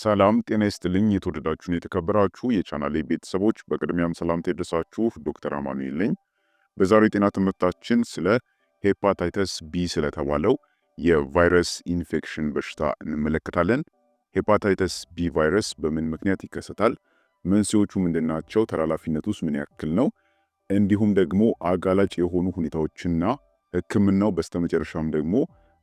ሰላም ጤና ይስጥልኝ። የተወደዳችሁን የተከበራችሁ የቻናሌ ቤተሰቦች በቅድሚያም ሰላምታ ይድረሳችሁ። ዶክተር አማኑኤል ነኝ። በዛሬው የጤና ትምህርታችን ስለ ሄፓታይተስ ቢ ስለተባለው የቫይረስ ኢንፌክሽን በሽታ እንመለከታለን። ሄፓታይተስ ቢ ቫይረስ በምን ምክንያት ይከሰታል? መንስኤዎቹ ምንድናቸው? ተላላፊነት ምን ያክል ነው? እንዲሁም ደግሞ አጋላጭ የሆኑ ሁኔታዎችና ሕክምናው በስተመጨረሻም ደግሞ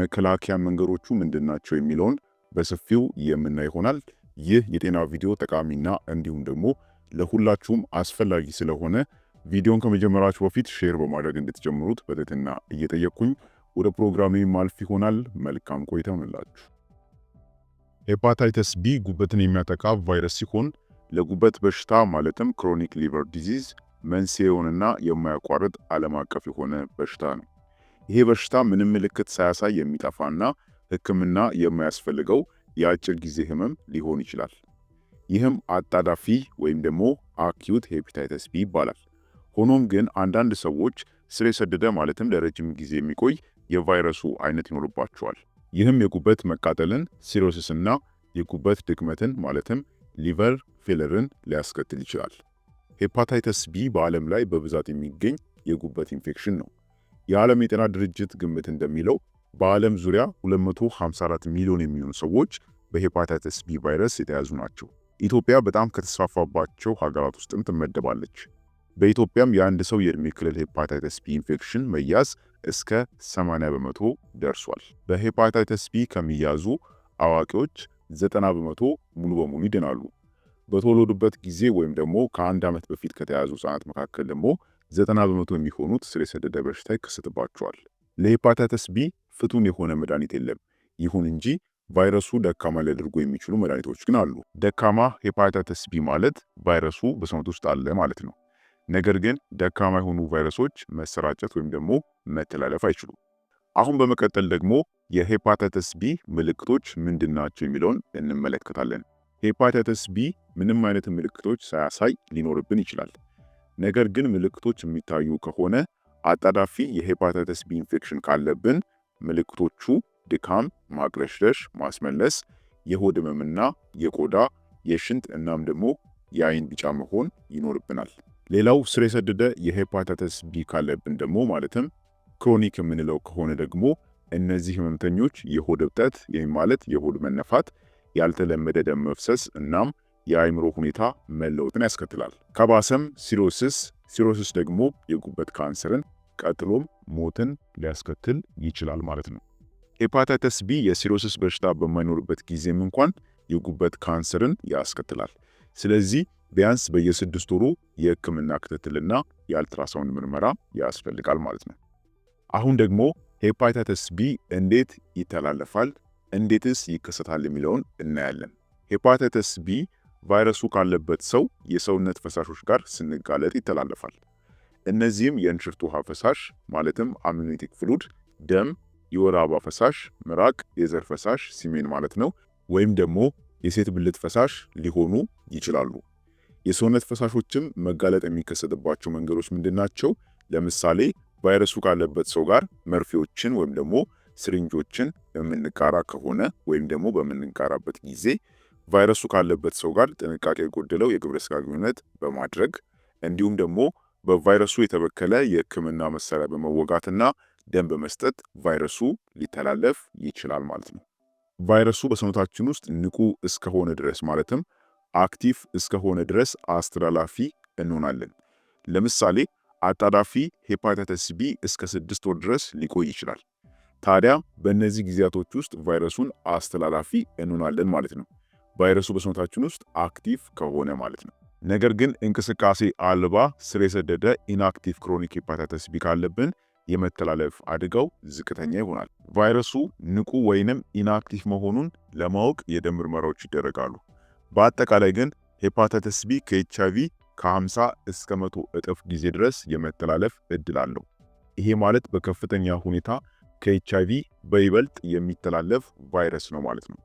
መከላከያ መንገዶቹ ምንድናቸው የሚለውን በሰፊው የምናይ ይሆናል። ይህ የጤና ቪዲዮ ጠቃሚና እንዲሁም ደግሞ ለሁላችሁም አስፈላጊ ስለሆነ ቪዲዮን ከመጀመራችሁ በፊት ሼር በማድረግ እንድትጀምሩት በትህትና እየጠየቅኩኝ ወደ ፕሮግራሜ ማልፍ ይሆናል። መልካም ቆይታ ይሁንላችሁ። ሄፓታይተስ ቢ ጉበትን የሚያጠቃ ቫይረስ ሲሆን ለጉበት በሽታ ማለትም ክሮኒክ ሊቨር ዲዚዝ መንስኤውንና የማያቋርጥ ዓለም አቀፍ የሆነ በሽታ ነው። ይሄ በሽታ ምንም ምልክት ሳያሳይ የሚጠፋና ህክምና የማያስፈልገው የአጭር ጊዜ ህመም ሊሆን ይችላል። ይህም አጣዳፊ ወይም ደግሞ አኪዩት ሄፒታይተስ ቢ ይባላል። ሆኖም ግን አንዳንድ ሰዎች ስር የሰደደ ማለትም ለረጅም ጊዜ የሚቆይ የቫይረሱ አይነት ይኖርባቸዋል። ይህም የጉበት መቃጠልን ና የጉበት ድክመትን ማለትም ሊቨር ፌለርን ሊያስከትል ይችላል። ሄፓታይተስ ቢ በዓለም ላይ በብዛት የሚገኝ የጉበት ኢንፌክሽን ነው። የዓለም የጤና ድርጅት ግምት እንደሚለው በዓለም ዙሪያ 254 ሚሊዮን የሚሆኑ ሰዎች በሄፓታይተስ ቢ ቫይረስ የተያዙ ናቸው። ኢትዮጵያ በጣም ከተስፋፋባቸው ሀገራት ውስጥም ትመደባለች። በኢትዮጵያም የአንድ ሰው የእድሜ ክልል ሄፓታይተስ ቢ ኢንፌክሽን መያዝ እስከ 80 በመቶ ደርሷል። በሄፓታይተስ ቢ ከሚያዙ አዋቂዎች 90 በመቶ ሙሉ በሙሉ ይድናሉ። በተወለዱበት ጊዜ ወይም ደግሞ ከአንድ ዓመት በፊት ከተያዙ ህጻናት መካከል ደግሞ 90 በመቶ የሚሆኑት ስር የሰደደ በሽታ ይከሰትባቸዋል። ለሄፓታይተስ ቢ ፍቱን የሆነ መድኃኒት የለም። ይሁን እንጂ ቫይረሱ ደካማ ሊያደርጉ የሚችሉ መድኃኒቶች ግን አሉ። ደካማ ሄፓታይተስ ቢ ማለት ቫይረሱ በሰውነት ውስጥ አለ ማለት ነው። ነገር ግን ደካማ የሆኑ ቫይረሶች መሰራጨት ወይም ደግሞ መተላለፍ አይችሉም። አሁን በመቀጠል ደግሞ የሄፓታይተስ ቢ ምልክቶች ምንድን ናቸው የሚለውን እንመለከታለን። ሄፓታይተስ ቢ ምንም አይነት ምልክቶች ሳያሳይ ሊኖርብን ይችላል። ነገር ግን ምልክቶች የሚታዩ ከሆነ አጣዳፊ የሄፓታይተስ ቢ ኢንፌክሽን ካለብን ምልክቶቹ ድካም፣ ማቅለሽለሽ፣ ማስመለስ፣ የሆድ ህመምና የቆዳ የሽንት እናም ደግሞ የአይን ቢጫ መሆን ይኖርብናል። ሌላው ስር የሰደደ የሄፓታይተስ ቢ ካለብን ደግሞ ማለትም ክሮኒክ የምንለው ከሆነ ደግሞ እነዚህ ህመምተኞች የሆድ እብጠት ይህም ማለት የሆድ መነፋት፣ ያልተለመደ ደም መፍሰስ እናም የአይምሮ ሁኔታ መለወጥን ያስከትላል። ከባሰም ሲሮሲስ፣ ሲሮሲስ ደግሞ የጉበት ካንሰርን ቀጥሎም ሞትን ሊያስከትል ይችላል ማለት ነው። ሄፓታይተስ ቢ የሲሮሲስ በሽታ በማይኖርበት ጊዜም እንኳን የጉበት ካንሰርን ያስከትላል። ስለዚህ ቢያንስ በየስድስት ወሩ የህክምና ክትትልና የአልትራሳውንድ ምርመራ ያስፈልጋል ማለት ነው። አሁን ደግሞ ሄፓታይተስ ቢ እንዴት ይተላለፋል፣ እንዴትስ ይከሰታል የሚለውን እናያለን። ሄፓታይተስ ቢ ቫይረሱ ካለበት ሰው የሰውነት ፈሳሾች ጋር ስንጋለጥ ይተላለፋል። እነዚህም የእንሽርት ውሃ ፈሳሽ ማለትም አሚኒቲክ ፍሉድ፣ ደም፣ የወር አበባ ፈሳሽ፣ ምራቅ፣ የዘር ፈሳሽ ሲሜን ማለት ነው፣ ወይም ደግሞ የሴት ብልት ፈሳሽ ሊሆኑ ይችላሉ። የሰውነት ፈሳሾችም መጋለጥ የሚከሰትባቸው መንገዶች ምንድን ናቸው? ለምሳሌ ቫይረሱ ካለበት ሰው ጋር መርፌዎችን ወይም ደግሞ ስሪንጆችን በምንቃራ ከሆነ ወይም ደግሞ በምንቃራበት ጊዜ ቫይረሱ ካለበት ሰው ጋር ጥንቃቄ የጎደለው የግብረ ስጋ ግንኙነት በማድረግ እንዲሁም ደግሞ በቫይረሱ የተበከለ የህክምና መሳሪያ በመወጋትና ደም በመስጠት ቫይረሱ ሊተላለፍ ይችላል ማለት ነው። ቫይረሱ በሰውነታችን ውስጥ ንቁ እስከሆነ ድረስ ማለትም አክቲቭ እስከሆነ ድረስ አስተላላፊ እንሆናለን። ለምሳሌ አጣዳፊ ሄፓታይተስ ቢ እስከ ስድስት ወር ድረስ ሊቆይ ይችላል። ታዲያ በእነዚህ ጊዜያቶች ውስጥ ቫይረሱን አስተላላፊ እንሆናለን ማለት ነው። ቫይረሱ በሰውነታችን ውስጥ አክቲቭ ከሆነ ማለት ነው። ነገር ግን እንቅስቃሴ አልባ ስር የሰደደ ኢንአክቲቭ ክሮኒክ ሄፓታይተስ ቢ ካለብን የመተላለፍ አደጋው ዝቅተኛ ይሆናል። ቫይረሱ ንቁ ወይንም ኢንአክቲቭ መሆኑን ለማወቅ የደም ምርመራዎች ይደረጋሉ። በአጠቃላይ ግን ሄፓታይተስ ቢ ከኤች አይቪ ከ50 እስከ 100 እጥፍ ጊዜ ድረስ የመተላለፍ እድል አለው። ይሄ ማለት በከፍተኛ ሁኔታ ከኤች አይቪ በይበልጥ የሚተላለፍ ቫይረስ ነው ማለት ነው።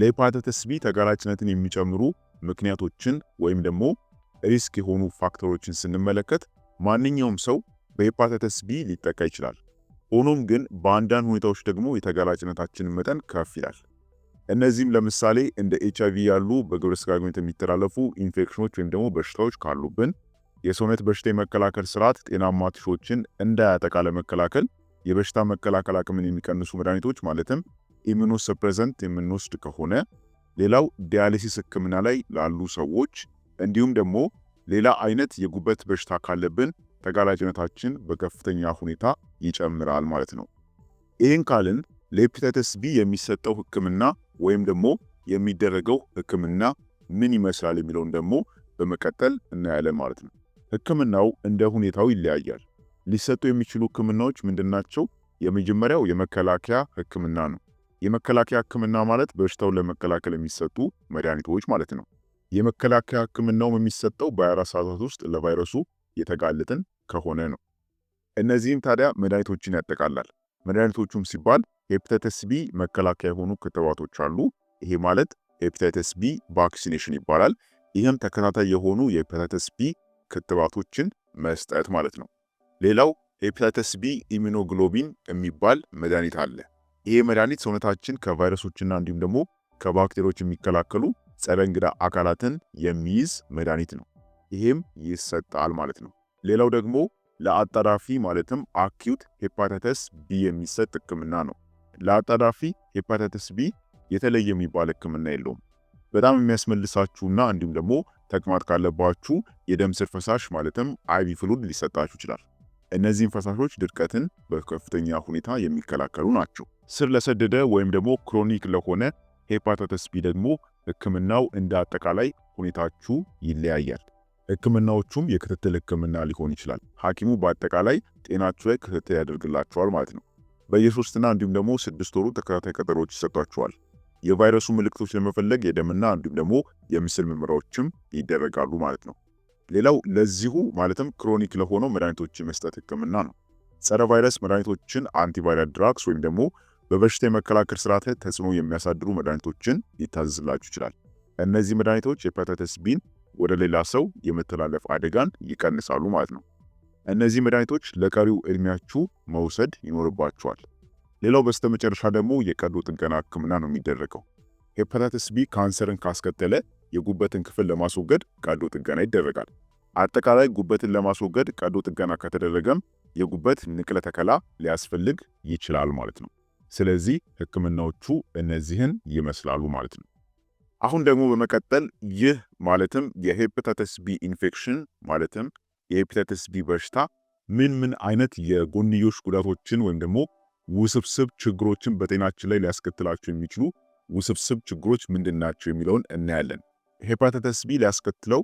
ለሄፓታይተስ ቢ ተጋላጭነትን የሚጨምሩ ምክንያቶችን ወይም ደግሞ ሪስክ የሆኑ ፋክተሮችን ስንመለከት ማንኛውም ሰው በሄፓታይተስ ቢ ሊጠቃ ይችላል። ሆኖም ግን በአንዳንድ ሁኔታዎች ደግሞ የተጋላጭነታችን መጠን ከፍ ይላል። እነዚህም ለምሳሌ እንደ ኤች አይቪ ያሉ በግብረ ስጋ ግንኙነት የሚተላለፉ ኢንፌክሽኖች ወይም ደግሞ በሽታዎች ካሉብን፣ የሰውነት በሽታ የመከላከል ስርዓት ጤናማ ቲሾችን እንዳያጠቃ ለመከላከል የበሽታ መከላከል አቅምን የሚቀንሱ መድኃኒቶች ማለትም ኢሚኖ ሰፕሬዘንት የምንወስድ ከሆነ ሌላው ዲያሊሲስ ህክምና ላይ ላሉ ሰዎች እንዲሁም ደግሞ ሌላ አይነት የጉበት በሽታ ካለብን ተጋላጭነታችን በከፍተኛ ሁኔታ ይጨምራል ማለት ነው። ይህን ካልን ለሄፕታይተስ ቢ የሚሰጠው ህክምና ወይም ደግሞ የሚደረገው ህክምና ምን ይመስላል የሚለውን ደግሞ በመቀጠል እናያለን ማለት ነው። ህክምናው እንደ ሁኔታው ይለያያል። ሊሰጡ የሚችሉ ህክምናዎች ምንድናቸው? የመጀመሪያው የመከላከያ ህክምና ነው። የመከላከያ ህክምና ማለት በሽታውን ለመከላከል የሚሰጡ መድኃኒቶች ማለት ነው። የመከላከያ ህክምናውም የሚሰጠው በ24 ሰዓታት ውስጥ ለቫይረሱ የተጋለጥን ከሆነ ነው። እነዚህም ታዲያ መድኃኒቶችን ያጠቃላል። መድኃኒቶቹም ሲባል ሄፕታይተስ ቢ መከላከያ የሆኑ ክትባቶች አሉ። ይሄ ማለት ሄፕታይተስ ቢ ቫክሲኔሽን ይባላል። ይህም ተከታታይ የሆኑ የሄፕታይተስ ቢ ክትባቶችን መስጠት ማለት ነው። ሌላው ሄፕታይተስ ቢ ኢሚኖግሎቢን የሚባል መድኃኒት አለ። ይህ መድኃኒት ሰውነታችን ከቫይረሶችና እንዲሁም ደግሞ ከባክቴሪያዎች የሚከላከሉ ጸረ እንግዳ አካላትን የሚይዝ መድኃኒት ነው። ይህም ይሰጣል ማለት ነው። ሌላው ደግሞ ለአጣዳፊ ማለትም አኪዩት ሄፓታይተስ ቢ የሚሰጥ ህክምና ነው። ለአጣዳፊ ሄፓታይተስ ቢ የተለየ የሚባል ህክምና የለውም። በጣም የሚያስመልሳችሁና እንዲሁም ደግሞ ተቅማጥ ካለባችሁ የደም ስር ፈሳሽ ማለትም አይቪ ፍሉድ ሊሰጣችሁ ይችላል። እነዚህም ፈሳሾች ድርቀትን በከፍተኛ ሁኔታ የሚከላከሉ ናቸው። ስር ለሰደደ ወይም ደግሞ ክሮኒክ ለሆነ ሄፓታይተስ ቢ ደግሞ ህክምናው እንደ አጠቃላይ ሁኔታችሁ ይለያያል። ህክምናዎቹም የክትትል ህክምና ሊሆን ይችላል። ሐኪሙ በአጠቃላይ ጤናችሁ ላይ ክትትል ያደርግላችኋል ማለት ነው። በየሶስትና እንዲሁም ደግሞ ስድስት ወሩ ተከታታይ ቀጠሮዎች ይሰጧችኋል። የቫይረሱ ምልክቶች ለመፈለግ የደምና እንዲሁም ደግሞ የምስል ምርመራዎችም ይደረጋሉ ማለት ነው። ሌላው ለዚሁ ማለትም ክሮኒክ ለሆነው መድኃኒቶች መስጠት ህክምና ነው። ጸረ ቫይረስ መድኃኒቶችን አንቲቫይረል ድራግስ ወይም ደግሞ በበሽታ የመከላከል ስርዓት ላይ ተጽዕኖ የሚያሳድሩ መድኃኒቶችን ሊታዘዝላችሁ ይችላል። እነዚህ መድኃኒቶች ሄፓታይተስ ቢን ወደ ሌላ ሰው የመተላለፍ አደጋን ይቀንሳሉ ማለት ነው። እነዚህ መድኃኒቶች ለቀሪው እድሜያችሁ መውሰድ ይኖርባችኋል። ሌላው በስተመጨረሻ ደግሞ የቀዶ ጥገና ህክምና ነው የሚደረገው። ሄፓታይተስ ቢ ካንሰርን ካስከተለ የጉበትን ክፍል ለማስወገድ ቀዶ ጥገና ይደረጋል። አጠቃላይ ጉበትን ለማስወገድ ቀዶ ጥገና ከተደረገም የጉበት ንቅለ ተከላ ሊያስፈልግ ይችላል ማለት ነው። ስለዚህ ህክምናዎቹ እነዚህን ይመስላሉ ማለት ነው። አሁን ደግሞ በመቀጠል ይህ ማለትም የሄፓታይተስ ቢ ኢንፌክሽን ማለትም የሄፓታይተስ ቢ በሽታ ምን ምን አይነት የጎንዮሽ ጉዳቶችን ወይም ደግሞ ውስብስብ ችግሮችን በጤናችን ላይ ሊያስከትላቸው የሚችሉ ውስብስብ ችግሮች ምንድን ናቸው የሚለውን እናያለን። ሄፓታይተስ ቢ ሊያስከትለው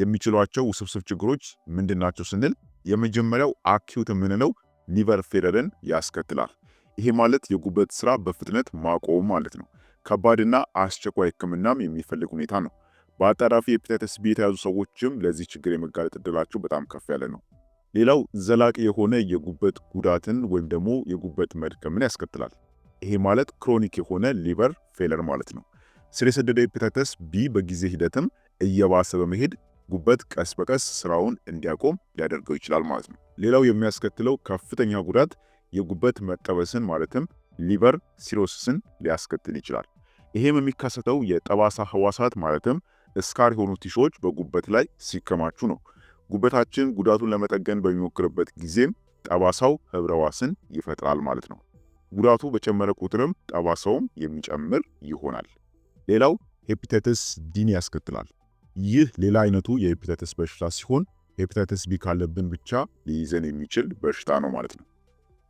የሚችሏቸው ውስብስብ ችግሮች ምንድናቸው ስንል የመጀመሪያው አኪዩት የምንለው ሊቨር ፌለርን ያስከትላል። ይሄ ማለት የጉበት ስራ በፍጥነት ማቆም ማለት ነው። ከባድና አስቸኳይ ህክምናም የሚፈልግ ሁኔታ ነው። በአጣዳፊ ሄፓታይተስ ቢ የተያዙ ሰዎችም ለዚህ ችግር የመጋለጥ እድላቸው በጣም ከፍ ያለ ነው። ሌላው ዘላቂ የሆነ የጉበት ጉዳትን ወይም ደግሞ የጉበት መድከምን ያስከትላል። ይሄ ማለት ክሮኒክ የሆነ ሊቨር ፌለር ማለት ነው። ስር የሰደደ ሄፓታይተስ ቢ በጊዜ ሂደትም እየባሰ በመሄድ ጉበት ቀስ በቀስ ስራውን እንዲያቆም ሊያደርገው ይችላል ማለት ነው። ሌላው የሚያስከትለው ከፍተኛ ጉዳት የጉበት መጠበስን ማለትም ሊቨር ሲሮስስን ሊያስከትል ይችላል። ይሄም የሚከሰተው የጠባሳ ህዋሳት ማለትም ስካር የሆኑ ቲሾዎች በጉበት ላይ ሲከማቹ ነው። ጉበታችን ጉዳቱን ለመጠገን በሚሞክርበት ጊዜም ጠባሳው ህብረ ይፈጥራል ማለት ነው። ጉዳቱ በጨመረ ቁጥርም ጠባሳውም የሚጨምር ይሆናል። ሌላው ሄፒታይተስ ዲን ያስከትላል። ይህ ሌላ አይነቱ የሄፒታይተስ በሽታ ሲሆን ሄፒታይተስ ቢ ካለብን ብቻ ሊይዘን የሚችል በሽታ ነው ማለት ነው።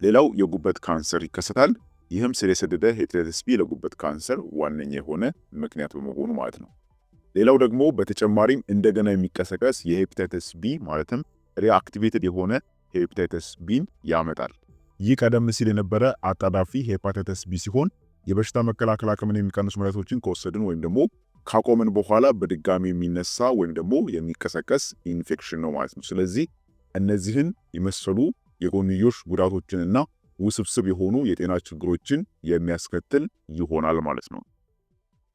ሌላው የጉበት ካንሰር ይከሰታል። ይህም ስር የሰደደ ሄፒታይተስ ቢ ለጉበት ካንሰር ዋነኛ የሆነ ምክንያት በመሆኑ ማለት ነው። ሌላው ደግሞ በተጨማሪም እንደገና የሚቀሰቀስ የሄፒታይተስ ቢ ማለትም ሪአክቲቬትድ የሆነ ሄፒታይተስ ቢን ያመጣል። ይህ ቀደም ሲል የነበረ አጣዳፊ ሄፓታይተስ ቢ ሲሆን የበሽታ መከላከል አቅምን የሚቀንሱ መድኃኒቶችን ከወሰድን ወይም ደግሞ ካቆምን በኋላ በድጋሚ የሚነሳ ወይም ደግሞ የሚቀሰቀስ ኢንፌክሽን ነው ማለት ነው። ስለዚህ እነዚህን የመሰሉ የጎንዮሽ ጉዳቶችንና ውስብስብ የሆኑ የጤና ችግሮችን የሚያስከትል ይሆናል ማለት ነው።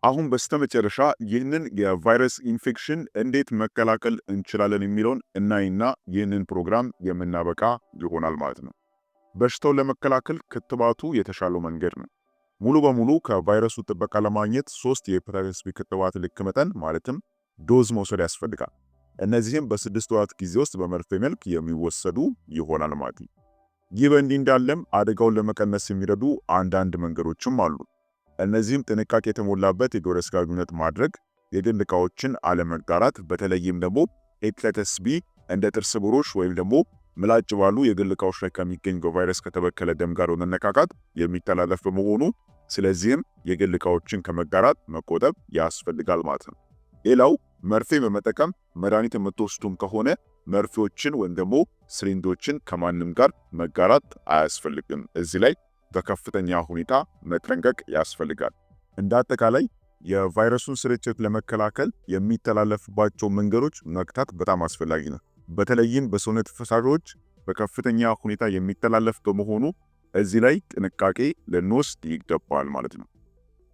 አሁን በስተመጨረሻ ይህንን የቫይረስ ኢንፌክሽን እንዴት መከላከል እንችላለን የሚለውን እናይና ይህንን ፕሮግራም የምናበቃ ይሆናል ማለት ነው። በሽታውን ለመከላከል ክትባቱ የተሻለው መንገድ ነው። ሙሉ በሙሉ ከቫይረሱ ጥበቃ ለማግኘት ሶስት የሄፓታይተስ ቢ ክትባት ልክ መጠን ማለትም ዶዝ መውሰድ ያስፈልጋል። እነዚህም በስድስት ወራት ጊዜ ውስጥ በመርፌ መልክ የሚወሰዱ ይሆናል ማለት ነው። ይህ በእንዲህ እንዳለም አደጋውን ለመቀነስ የሚረዱ አንዳንድ መንገዶችም አሉ። እነዚህም ጥንቃቄ የተሞላበት የግብረ ሥጋ ግንኙነት ማድረግ፣ የግል ዕቃዎችን አለመጋራት፣ በተለይም ደግሞ ሄፓታይተስ ቢ እንደ ጥርስ ብሩሽ ወይም ደግሞ ምላጭ ባሉ የግል ዕቃዎች ላይ ከሚገኝ በቫይረስ ከተበከለ ደም ጋር በመነካካት የሚተላለፍ በመሆኑ ስለዚህም የግል እቃዎችን ከመጋራት መቆጠብ ያስፈልጋል ማለት ነው። ሌላው መርፌ በመጠቀም መድኃኒት የምትወስዱም ከሆነ መርፌዎችን ወይም ደግሞ ስሪንጆችን ከማንም ጋር መጋራት አያስፈልግም። እዚህ ላይ በከፍተኛ ሁኔታ መጠንቀቅ ያስፈልጋል። እንደ አጠቃላይ የቫይረሱን ስርጭት ለመከላከል የሚተላለፍባቸው መንገዶች መግታት በጣም አስፈላጊ ነው። በተለይም በሰውነት ፈሳሾች በከፍተኛ ሁኔታ የሚተላለፍ በመሆኑ እዚህ ላይ ጥንቃቄ ልንወስድ ይገባል ማለት ነው።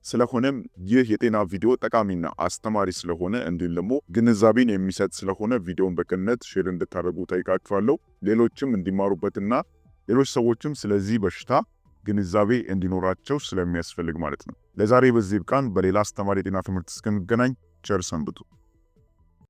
ስለሆነም ይህ የጤና ቪዲዮ ጠቃሚና አስተማሪ ስለሆነ እንዲሁም ደግሞ ግንዛቤን የሚሰጥ ስለሆነ ቪዲዮን በቅንነት ሼር እንድታደርጉ ጠይቃችኋለሁ። ሌሎችም እንዲማሩበትና ሌሎች ሰዎችም ስለዚህ በሽታ ግንዛቤ እንዲኖራቸው ስለሚያስፈልግ ማለት ነው። ለዛሬ በዚህ ብቃን። በሌላ አስተማሪ የጤና ትምህርት እስክንገናኝ ቸር ሰንብቱ።